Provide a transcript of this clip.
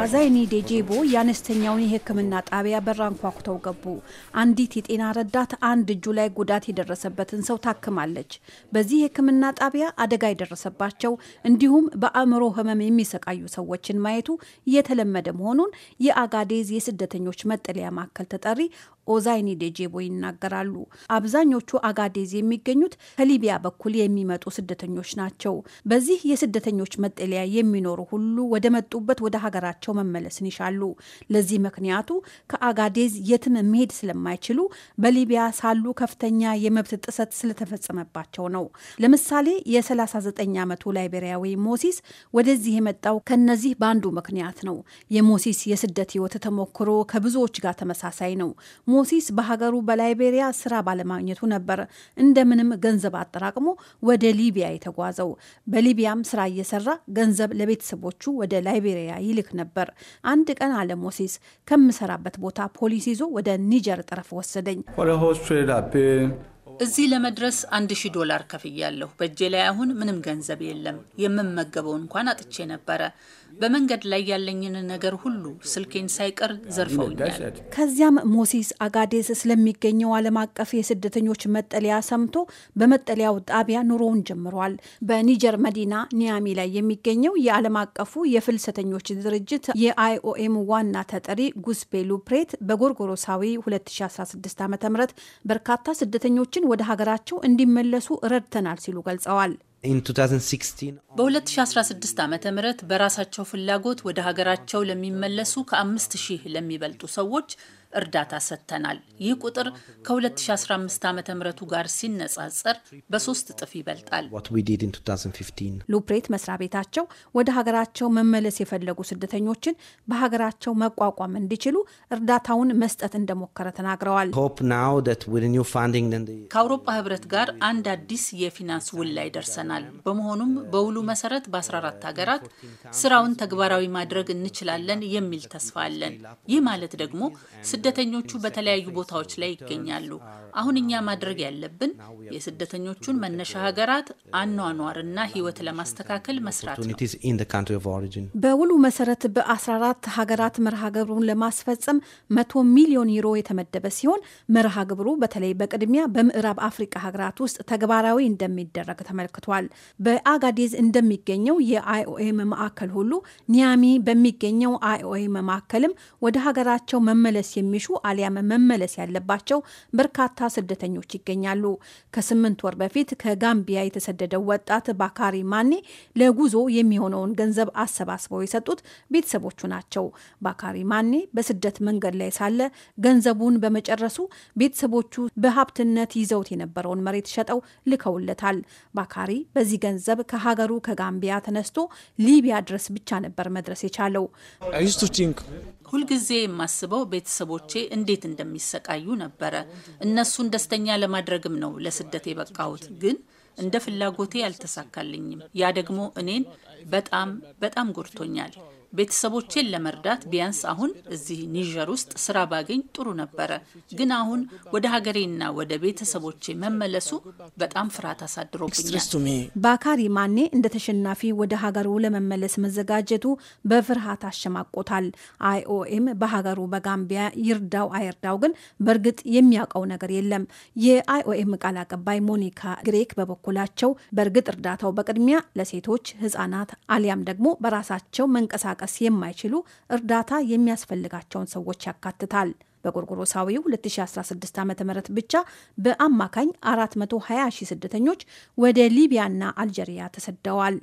አዛይኒ ዴጄቦ የአነስተኛውን የሕክምና ጣቢያ በር አንኳኩተው ገቡ። አንዲት የጤና ረዳት አንድ እጁ ላይ ጉዳት የደረሰበትን ሰው ታክማለች። በዚህ የሕክምና ጣቢያ አደጋ የደረሰባቸው እንዲሁም በአእምሮ ህመም የሚሰቃዩ ሰዎችን ማየቱ እየተለመደ መሆኑን የአጋዴዝ የስደተኞች መጠለያ ማዕከል ተጠሪ ኦዛይኒ ዴጄቦ ይናገራሉ። አብዛኞቹ አጋዴዝ የሚገኙት ከሊቢያ በኩል የሚመጡ ስደተኞች ናቸው። በዚህ የስደተኞች መጠለያ የሚኖሩ ሁሉ ወደ መጡበት ወደ ሀገራቸው መመለስን ይሻሉ። ለዚህ ምክንያቱ ከአጋዴዝ የትም መሄድ ስለማይችሉ በሊቢያ ሳሉ ከፍተኛ የመብት ጥሰት ስለተፈጸመባቸው ነው። ለምሳሌ የ39 ዓመቱ ላይቤሪያዊ ሞሲስ ወደዚህ የመጣው ከነዚህ በአንዱ ምክንያት ነው። የሞሲስ የስደት ህይወት ተሞክሮ ከብዙዎች ጋር ተመሳሳይ ነው። ሞሲስ በሀገሩ በላይቤሪያ ስራ ባለማግኘቱ ነበር እንደምንም ገንዘብ አጠራቅሞ ወደ ሊቢያ የተጓዘው። በሊቢያም ስራ እየሰራ ገንዘብ ለቤተሰቦቹ ወደ ላይቤሪያ ይልክ ነበር። አንድ ቀን አለ ሞሲስ፣ ከምሰራበት ቦታ ፖሊስ ይዞ ወደ ኒጀር ጠረፍ ወሰደኝ። እዚህ ለመድረስ አንድ ሺህ ዶላር ከፍያለሁ። በእጄ ላይ አሁን ምንም ገንዘብ የለም። የምመገበው እንኳን አጥቼ ነበረ። በመንገድ ላይ ያለኝን ነገር ሁሉ ስልኬን ሳይቀር ዘርፈውኛል። ከዚያም ሞሲስ አጋዴስ ስለሚገኘው ዓለም አቀፍ የስደተኞች መጠለያ ሰምቶ በመጠለያው ጣቢያ ኑሮውን ጀምሯል። በኒጀር መዲና ኒያሚ ላይ የሚገኘው የዓለም አቀፉ የፍልሰተኞች ድርጅት የአይኦኤም ዋና ተጠሪ ጉስፔሉ ፕሬት በጎርጎሮሳዊ 2016 ዓ ም በርካታ ስደተኞችን ዜጎቻችን ወደ ሀገራቸው እንዲመለሱ ረድተናል ሲሉ ገልጸዋል። በ2016 ዓ ም በራሳቸው ፍላጎት ወደ ሀገራቸው ለሚመለሱ ከ5000 ለሚበልጡ ሰዎች እርዳታ ሰጥተናል። ይህ ቁጥር ከ2015 ዓ ምቱ ጋር ሲነጻጸር በሶስት እጥፍ ይበልጣል። ሉፕሬት መስሪያ ቤታቸው ወደ ሀገራቸው መመለስ የፈለጉ ስደተኞችን በሀገራቸው መቋቋም እንዲችሉ እርዳታውን መስጠት እንደሞከረ ተናግረዋል። ከአውሮፓ ህብረት ጋር አንድ አዲስ የፊናንስ ውል ላይ ደርሰናል። በመሆኑም በውሉ መሰረት በ14 ሀገራት ስራውን ተግባራዊ ማድረግ እንችላለን የሚል ተስፋ አለን። ይህ ማለት ደግሞ ስደተኞቹ በተለያዩ ቦታዎች ላይ ይገኛሉ። አሁን እኛ ማድረግ ያለብን የስደተኞቹን መነሻ ሀገራት uh, አኗኗርና ሕይወት ለማስተካከል መስራት ነው። በውሉ መሰረት በ14 ሀገራት መርሃ ግብሩን ለማስፈጸም 100 ሚሊዮን ዩሮ የተመደበ ሲሆን መርሃ ግብሩ በተለይ በቅድሚያ በምዕራብ አፍሪቃ ሀገራት ውስጥ ተግባራዊ እንደሚደረግ ተመልክቷል። በአጋዴዝ እንደሚገኘው የአይኦኤም ማዕከል ሁሉ ኒያሚ በሚገኘው አይኦኤም ማዕከልም ወደ ሀገራቸው መመለስ የሚ የሚሹ አሊያም መመለስ ያለባቸው በርካታ ስደተኞች ይገኛሉ። ከስምንት ወር በፊት ከጋምቢያ የተሰደደው ወጣት ባካሪ ማኔ ለጉዞ የሚሆነውን ገንዘብ አሰባስበው የሰጡት ቤተሰቦቹ ናቸው። ባካሪ ማኔ በስደት መንገድ ላይ ሳለ ገንዘቡን በመጨረሱ ቤተሰቦቹ በሀብትነት ይዘውት የነበረውን መሬት ሸጠው ልከውለታል። ባካሪ በዚህ ገንዘብ ከሀገሩ ከጋምቢያ ተነስቶ ሊቢያ ድረስ ብቻ ነበር መድረስ የቻለው። ሁልጊዜ የማስበው ቤተሰቦቼ እንዴት እንደሚሰቃዩ ነበረ። እነሱን ደስተኛ ለማድረግም ነው ለስደት የበቃሁት። ግን እንደ ፍላጎቴ አልተሳካልኝም። ያ ደግሞ እኔን በጣም በጣም ጎድቶኛል። ቤተሰቦቼን ለመርዳት ቢያንስ አሁን እዚህ ኒጀር ውስጥ ስራ ባገኝ ጥሩ ነበረ፣ ግን አሁን ወደ ሀገሬና ወደ ቤተሰቦቼ መመለሱ በጣም ፍርሃት አሳድሮብኛል። ባካሪ ማኔ እንደ ተሸናፊ ወደ ሀገሩ ለመመለስ መዘጋጀቱ በፍርሃት አሸማቆታል። አይኦኤም በሀገሩ በጋምቢያ ይርዳው አይርዳው ግን በእርግጥ የሚያውቀው ነገር የለም። የአይኦኤም ቃል አቀባይ ሞኒካ ግሬክ በበኩላቸው በእርግጥ እርዳታው በቅድሚያ ለሴቶች ህጻናት አሊያም ደግሞ በራሳቸው መንቀሳቀስ መንቀሳቀስ የማይችሉ እርዳታ የሚያስፈልጋቸውን ሰዎች ያካትታል። በጎርጎሮሳዊው 2016 ዓ ም ብቻ በአማካኝ 420 ሺህ ስደተኞች ወደ ሊቢያና አልጀሪያ ተሰደዋል።